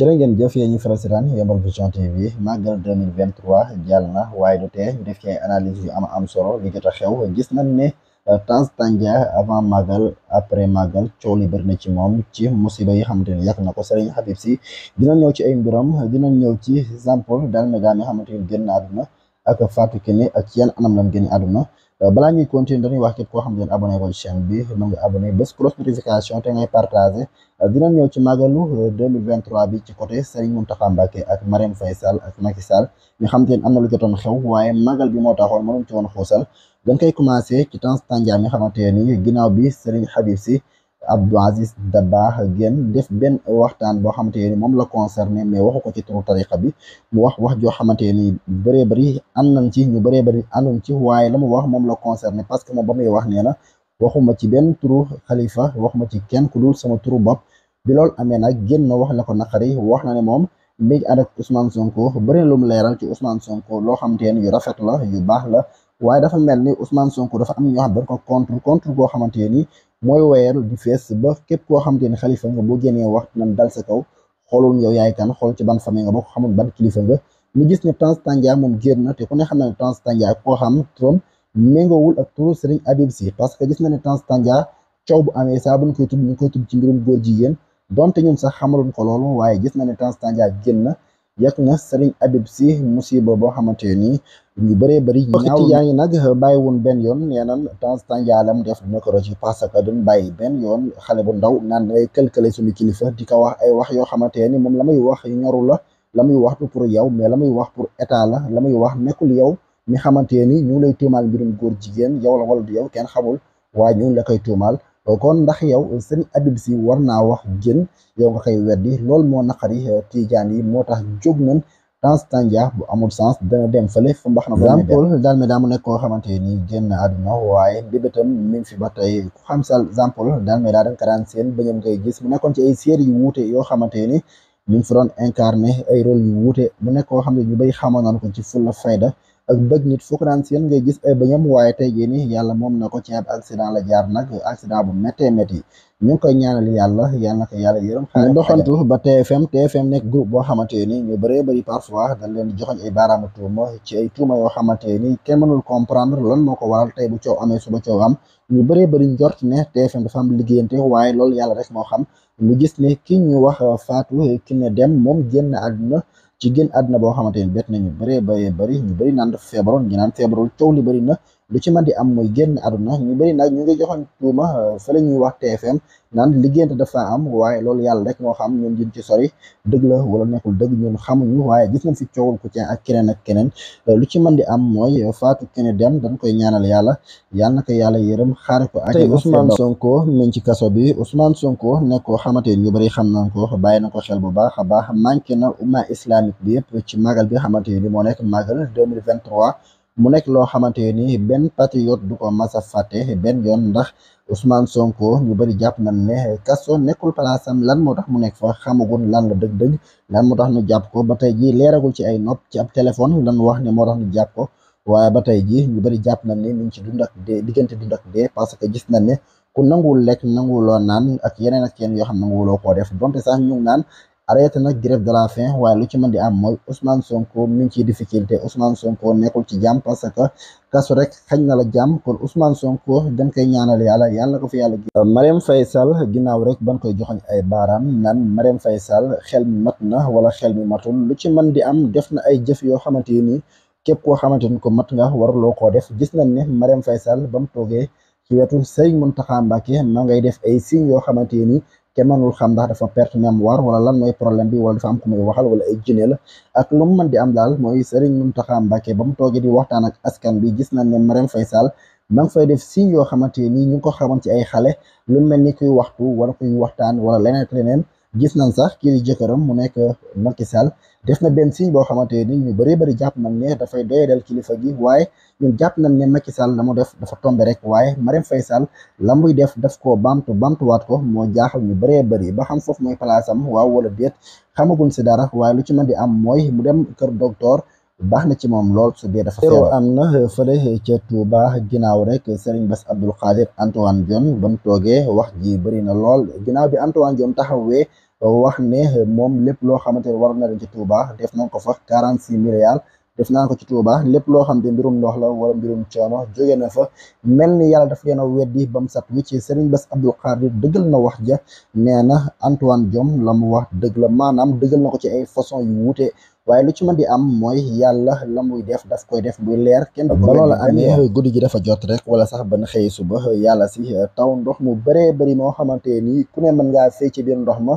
jërë ngeen jëf yéen ñi faral di seetaan Yeumbeul Vision TV màggal 2023 jàll na waaye du tee ñu def ci analyse yu am am solo li jot a xew gis nañ ne Tange euh, Tandian avant màggal après màggal coow li bëri na ci moom ci musiba yi xamante ne yàq na ko Serigne Habib si dina ñëw ci ay mbiram dinañ ñëw ci Jean Paul Dalméda mi xamante ne génn àdduna ak Fatou Kiné ak yan anam lañ génn àdduna Euh, balaa ngi continuer dañuy wax képp koo xam ne abonné ko ci chaîne bi mën nga abonné bés cloche notification te ngay partagé euh, dina ñëw ci màggalu euh, bi ci côté Serigne Mountakha Mbacké ak marin Faye Sall ak Macky Sall ñu xam te ne am na lu jotoon xew waaye magal bi moo taxoon mënuñ ci woon xuusal dañ koy commencé ci temps tànjaam yi xamante ni ginnaaw bi Serigne Habib si Abdou Aziz Dabakh génn def benn waxtaan boo xamante ne moom la concerné mais waxu ko ci turu tariqa bi mu wax wax joo xamante ni bëree bëri ànd nañ ci ñu bëree bëri na ci waaye la mu wax moom la concerné parce que moom ba muy wax nee na waxuma ci benn turu xalifa waxuma ci kenn ku dul sama turu bopp bi loolu amee nag génn wax na ko naqari wax na ne moom mi ngi ànd ak Ousmane Sonko bëri lu mu leeral ci Ousmane Sonko loo xamante ne yu rafet la yu baax la waaye dafa mel ni Ousmane Sonko dafa am ñoo xam dañ goo xamante ni mooy weer di fees ba képp koo xamante ne xalifa nga boo génnee wax nan dal sa kaw xoolul yow yaay kan xool ci ban famille nga bokk xamul ban kilifa nga ñu gis ne Tange Tandian moom génn na te ku ne xam na ne Tange Tandian koo xam turam méngoowul ak turu Sëriñ Habib Sy parce que gis na ne Tange Tandian coow bu amee saa bu ñu koy tudd ñu koy tudd ci mbirum góor jigéen donte ñun sax xamaloon ko loolu waaye gis na ne Tange Tandian génn na yàq na Sëriñ Habib Sy musiba boo xamante nii ñu bëree bëri ñaaw yaa ngi nag euh, bàyyi wun benn yoon nee nan temps temps yaalam def na ko ci parce que duñ bàyyi benn yoon xale bu ndaw naan lay këlkële suñu kilifa di ko wax ay wax yoo xamante ni moom la muy wax ñoru la la muy wax du pour yow mais la muy wax pour état la la muy wax nekkul yow mi xamante ni ñu lay tuumaal mbirum góor jigéen yow la wala du yow kenn xamul waaye ñu la koy tuumaal euh, kon ndax yow euh, seen Habib si war naa wax jën yow nga koy weddi loolu moo naqari tiijaan yi moo tax jóg nañ Tange Tandian bu amul sens dana dem fële fu mbax na ko Jean Paul Dalméda mu nekk koo xamante ni génn àdduna waaye mbébétam mi ngi fi ba tey ku xam sa Jean Paul Dalméda danga ko ba seen bëñam ngay gis mu nekkoon ci ay série yu wuute yoo xamante ni mi ngi fi doon incarné ay rôle yu wuute mu nekk koo xam ne ñu bay xamoon naan ko ci fulla fayda ak bëg nit foog naan seen nga gis ay bañam waaye tey jii nii yàlla moom na ko ci ab accident la jaar nag accident bu méttee métti ñu ngi koy ñaanal yàlla yal na yàlla yërëm ñu doxantu ba TFM TFM nekk groupe boo xamante ni ñu bëree bëri parfois dañ leen di joxoñ ay baaraamu tuuma ci ay tuuma yoo xamante ni kenn mënul comprendre lan moo ko waral tey bu coow amee suba coow am ñu bëree bëri njort ne TFM dafa am liggéeyante waaye loolu yàlla rek moo xam lu gis ne ki ñu wax Fatou ki ne dem moom génn àdduna ci génn àdduna boo xamante ne bett na ñu bëree bëree bëri ñu bëri naan dafa naan feebarul coow li bëri na lu ci mën di am mooy génn àdduna ñu bari nag ñu ngi joxoon tuuma euh, fële ñuy wax TFM naan liggéeyante dafa am waaye loolu yàlla rek moo xam ñun duñ ci sori dëgg la wala nekkul dëgg ñun xamuñu waaye gis nañ fi coowul ku ci ak keneen ak keneen euh, lu ci mën di am mooy euh, faatu kene dem dañ koy ñaanal yàlla yàlla na ko yàlla yërëm xaare ko ak tey Ousmane Sonko miñ ci kaso bi Ousmane Sonko nekk koo xamante ñu bëri xam nañ ko bàyyi na ko xel bu baax a baax manqué na umma islamique bi yëpp ci magal bi xamante moo nekk magal 2023 mu nekk loo xamante ni benn patriote du ko mas a fàtte benn yoon ndax Ousmane Sonko ñu bëri jàpp nañ ne kaso nekkul palaasam lan moo tax mu nekk fa xamagun lan la dëgg-dëgg lan moo tax nu jàpp ko ba tey jii leeragul ci ay nopp ci ab téléphone lan wax ne moo tax ñu jàpp ko waaye ba tey jii ñu bëri jàpp nañ ne ñu ngi ci dund ak diggante dund ak dee parce que gis nañ ne ku nanguwul lekk nanguwuloo naan ak yeneen ak yeneen yoo xam nanguwuloo koo def donte sax ñu ngi naan arrêté na grève de la faim waaye lu ci mën di am mooy Ousmane Sonko mi ngi ci difficulté Ousmane Sonko nekkul ci jàmm parce que kasu rek xañ na la jàmm kon Ousmane Sonko dañ koy ñaanal yàlla yàlla ko fi yàlla euh, Mariam Faye Sall ginnaaw rek ban koy joxoñ ay baaraam naan Mariam fay Sall xel mi mat na wala xel mi matul lu ci man di am def na ay jëf yoo xamante ni képp koo xamante ni ko mat nga waruloo koo def gis nañ ne Mariam Faye Sall ba mu toogee ci wetu Serigne Mountakha Mbacké maa ngay def ay signes yoo xamante ni kenn mënul xam ndax dafa perte mémoire wala lan mooy problème bi wala dafa am ku muy waxal wala ay jinne la ak lu mu mën di am daal mooy Serigne Mountakha Mbacké ba mu toogee di waxtaan ak askan bi gis nañ ne Marème Faye Sall ma ngi fay def signe yoo xamante ni ñu ngi ko xamoon ci ay xale lu mel ni kuy waxtu wala kuy waxtaan wala leneen ak leneen gis nañ sax kii jëkkëram mu nekk Macky Sall def na benn si boo xamante ni ñu bëree bëri jàpp nañ ne dafay doyadal kilifa gi waaye ñun jàpp nañ ne Macky Sall la mu def dafa tombe rek waaye Marème Faye Sall la muy def daf ko bamtu bamtuwaat ko moo jaaxal ñu bëree bëri ba xam foofu mooy place waaw wala déet xamaguñ si dara waaye lu ci mën di am mooy mu dem kër docteur baax na ci moom lool su dee dafa feebar am na fële ca Touba ginnaaw rek Serigne Bass Abdou Khadir Antoine Diome ba mu toogee wax ji bëri na lool ginaaw bi Antoine Diome taxawee wax ne moom lépp loo xamante ne waroon na leen ci Touba def nañ ko fa quarante six milliards def naa ko ci Touba lépp loo xam ne mbirum ndox la wala mbirum coono jóge na fa mel ni yàlla daf leen a weddi ba mu sat wi ci Serigne Bass Abdou Khadir dëggal na wax ja nee na Antoine Diome la mu wax dëgg la maanaam dëggal na ko ci ay façon yu wuute waaye lu ci mën di am mooy yàlla la muy def daf koy def muy leer kenn du ko amee guddi ji dafa jot rek wala sax ban xëy suba yàlla si eh, taw ndox mu bëree bëri moo xamante ni ku ne mën ngaa sëy ci biir ndox ma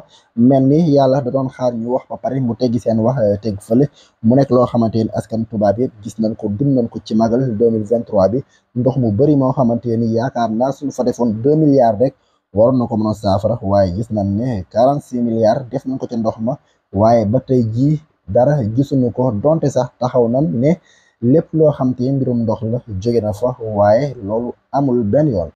mel ni yàlla da doon xaar ñu wax ba pare mu teggi seen wax eh, teg fële mu nekk loo xamante ni askan tubaab yëpp gis nañ ko dund nañ ko ci magal 2023 bi ndox mu bëri moo xamante ni yaakaar naa suñu fa defoon 2 milliards rek waroon na ko mën a saafara waaye gis nañ ne 46 milliards def nañ ko ci ndox ma dara gisuñu ko donte sax taxaw nan ne lépp loo xam te mbirum ndox la jóge na fa waaye loolu amul benn yoon